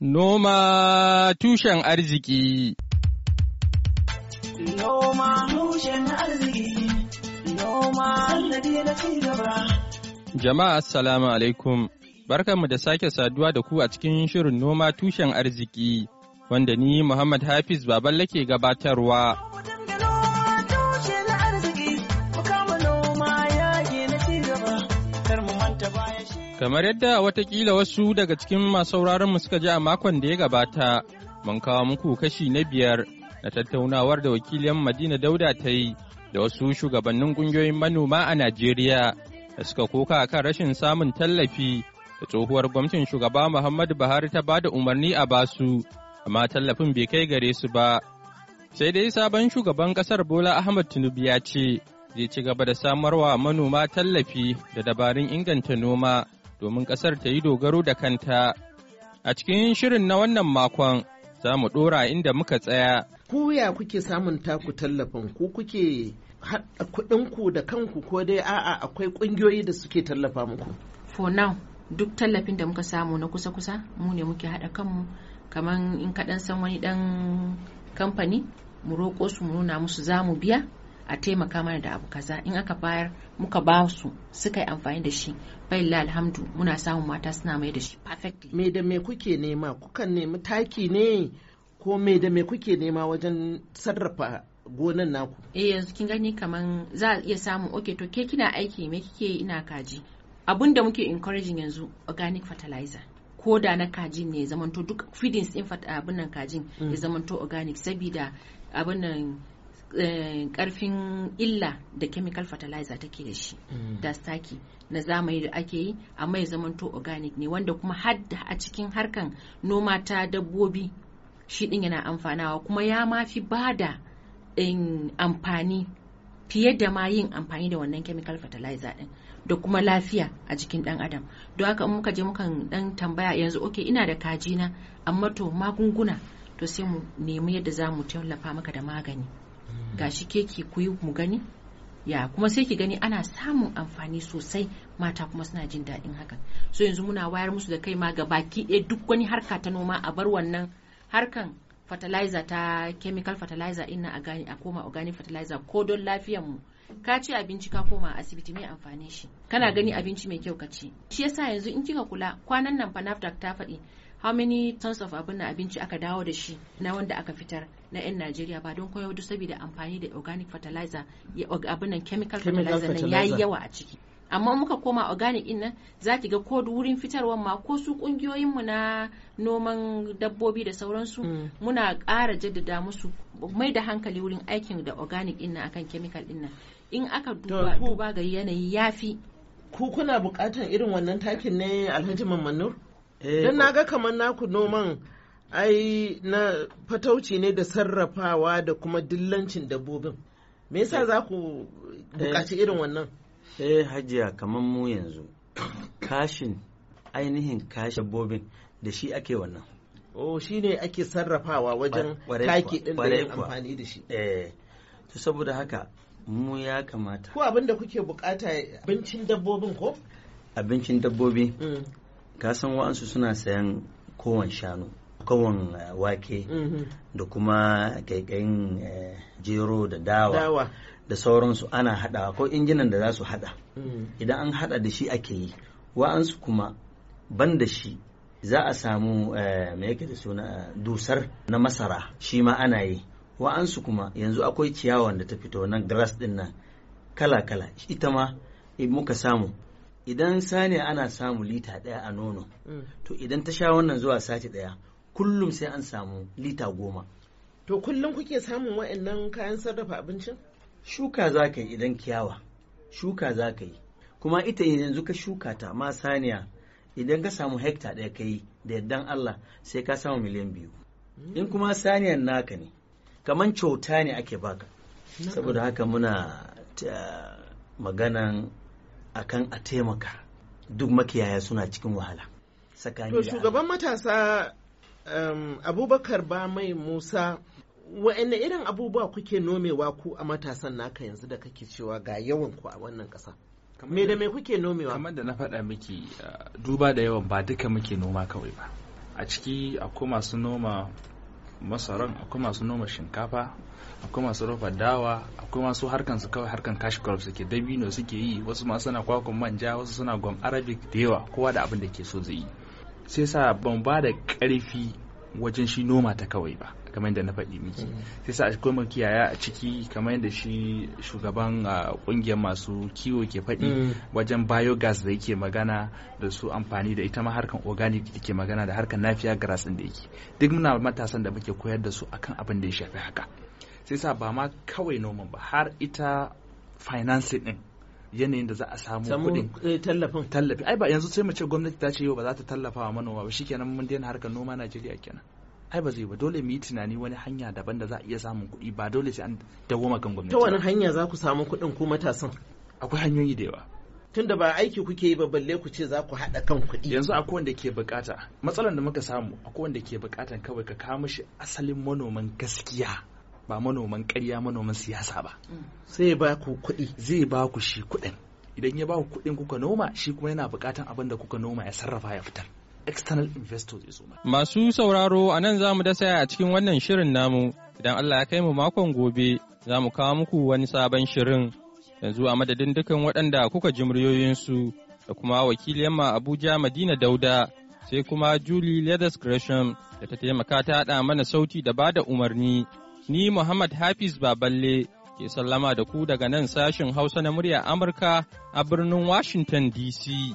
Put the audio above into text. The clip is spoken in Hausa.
Noma tushen arziki Jama'a assalamu alaikum Barkanmu da sake saduwa da ku a cikin shirin noma tushen arziki wanda ni Muhammad Hafiz Baballe ke gabatarwa. Kamar yadda watakila wasu daga cikin masu mu suka ji a makon da ya gabata, mun kawo muku kashi na biyar na tattaunawar da wakilin Madina Dauda ta yi da wasu shugabannin ƙungiyoyin manoma a Najeriya da suka koka kan rashin samun tallafi da tsohuwar gwamnatin shugaba Muhammadu Buhari ta bada umarni a basu, amma tallafin bai kai gare su ba. Sai dai sabon shugaban ƙasar Bola Ahmad Tinubu ya ce, zai ci gaba da samarwa manoma tallafi da dabarun inganta noma domin ƙasar ta yi dogaro da kanta. A cikin shirin na wannan makon za mu ɗora inda muka tsaya. Ku ya kuke samun taku tallafin ku kuke haɗa kuɗinku da kanku ko dai a'a akwai ƙungiyoyi da suke tallafa muku. For now duk tallafin da muka samu na kusa-kusa mu ne muke haɗa kanmu kamar in kaɗan san wani ɗan kamfani mu roƙo su mu nuna musu za mu biya a taimaka mana da abu kaza in aka bayar muka ba su suka yi amfani da shi bai alhamdu muna samun mata suna mai da shi perfectly me da me kuke nema kukan nemi taki ne ko me da me kuke nema wajen sarrafa gonan naku eh yanzu kin gani kaman za a iya samun okay to ke kina aiki me kike ina kaji abun da muke encouraging yanzu organic fertilizer ko da na kajin ne zamanto duk feedings din abin nan kajin ya mm. zamanto organic saboda abun. nan Eh, karfin illa da chemical fertilizer take da shi mm. da staki na zamani da ake yi amma ya zamanto organic ne wanda kuma hadda a cikin harkan noma ta dabbobi shi din yana amfanawa kuma ya ma fi da amfani fiye da ma yin amfani da wannan chemical fertilizer din da kuma lafiya a jikin dan adam don haka in muka je mukan dan tambaya yanzu Ok ina da kajina amma to magunguna to sai mu nemi yadda za mu tallafa maka da magani gashi keki ku yi mu gani ya kuma sai ki gani ana samun amfani sosai mata kuma suna jin daɗin hakan so yanzu muna wayar musu da kai ma ga baki ɗaya duk wani harka ta noma a bar wannan harkan fertilizer ta chemical fertilizer ina a gani a koma organic fertilizer ko don lafiyar mu ka ci abinci ka koma asibiti mai amfani shi kana gani abinci mai kyau ka ci shi yasa yanzu in kika kula kwanan nan fa ta faɗi how many tons of abin abinci aka dawo da shi na wanda aka fitar na 'yan Najeriya ba don koyo duk saboda amfani da organic fertilizer abin nan chemical, chemical fertilizer nan yayi yawa a ciki amma muka koma organic din nan za ki ga ko wurin fitarwar ma ko su kungiyoyin mu na noman dabbobi da sauransu mm. muna ƙara jaddada musu mai da hankali wurin aikin da organic din nan akan chemical din nan in aka duba, duba ga yanayi yafi ku kuna bukatan irin wannan takin ne alhaji mamman Eh, don na ga oh. kamar naku noman ai na fatauci ne da sarrafawa da kuma dillancin dabbobin me yasa eh. za ku buƙaci eh. irin wannan eh hajiya kamar mu yanzu kashin ainihin kashin dabbobin da shi ake wannan oh shi ne ake sarrafawa wajen taki din da yin amfani da shi eh to saboda haka mu ya kamata ko abin da kuke bukata abincin dabbobin ko abincin dabbobi mm. ka san wa'ansu suna sayan kowan shanu kowan eh, wake mm-hmm. da kuma kaikayin jero eh, da dawa da sauransu ana hadawa ko injinan da za su hada mm-hmm. idan an hada da shi ake yi wa'ansu kuma ban da shi za a samu eh, mai yake da suna dusar na masara shi ma ana yi wa'ansu kuma yanzu akwai ciyawan da ta fito nan grass din nan kala-kala ita ma muka samu idan saniya ana samu lita ɗaya a nono mm. to idan ta sha wannan zuwa sati ɗaya kullum sai an samu lita goma to kullum kuke samun wa'annan kayan sarrafa abincin shuka za ka yi idan kiyawa shuka za ka yi kuma ita yanzu ka shuka ta ma saniya idan ka samu hekta ɗaya ka yi da yardan Allah sai ka samu miliyan biyu mm. in kuma saniyan naka ne kaman kyauta ne ake baka saboda haka muna maganan akan a taimaka duk makiyaya suna cikin wahala to shugaban matasa um, abubakar ba mai musa wa'anne irin abubuwa kuke nomewa ku a matasan naka yanzu da kake cewa ga yawan ku a wannan ƙasa me da me kuke nomewa kamar da na faɗa miki uh, duba da yawan ba duka muke noma kawai ba a ciki akwai masu noma masaran akwai masu noma shinkafa akwai masu rufa dawa akwai masu harkan su kawai harkan cash crop suke dabino suke yi wasu ma suna kwakwan manja wasu suna gwam arabic da yawa kowa da abin da ke so zai yi sai sa ban ba da ƙarfi wajen shi noma ta kawai ba kamar yadda na faɗi miki mm. sai sa akwai makiyaya a ciki kamar yadda shi shugaban kungiyar masu kiwo ke faɗi mm. wajen biogas da yake magana da su amfani da ita ma harkan organic da ke magana da harkan nafiya grass din da yake duk muna matasan da muke koyar da su akan abin da ya shafi haka sai sa ba ma kawai noman ba har ita financing din yanayin da za a samu kuɗin eh, tallafin tallafi ai ba yanzu sai mu ce gwamnati ta ce yau ba za ta tallafa wa manoma ba shikenan mun daina harkar noma Najeriya kenan ai ba zai ba dole mu yi tunani wani hanya daban da za a iya samun kuɗi ba dole sai an dawo kan gwamnati ta wani hanya za ku samu kuɗin ko matasan akwai hanyoyi da yawa tunda ba aiki kuke yi ba balle ku ce za ku haɗa kan kuɗi yanzu akwai wanda ke bukata matsalar da muka samu akwai wanda ke bukatan kawai ka kawo mishi asalin manoman gaskiya ba manoman ƙarya manoman siyasa ba sai mm. ba ku kuɗi zai ba ku shi kuɗin idan ya ba ku kuɗin kuka noma shi kuma yana bukatan abin da kuka noma ya sarrafa ya fitar external investors Masu sauraro a nan za mu dasa a cikin wannan shirin namu idan Allah ya kai mu makon gobe za mu kawo muku wani sabon shirin yanzu a madadin dukan waɗanda kuka ji muryoyinsu da kuma wakiliyar ma Abuja Madina Dauda sai kuma Julie Leathers Gresham da ta taimaka ta haɗa mana sauti da bada umarni. Ni Muhammad Hafiz Baballe ke sallama da ku daga nan sashin Hausa na murya Amurka a birnin Washington DC.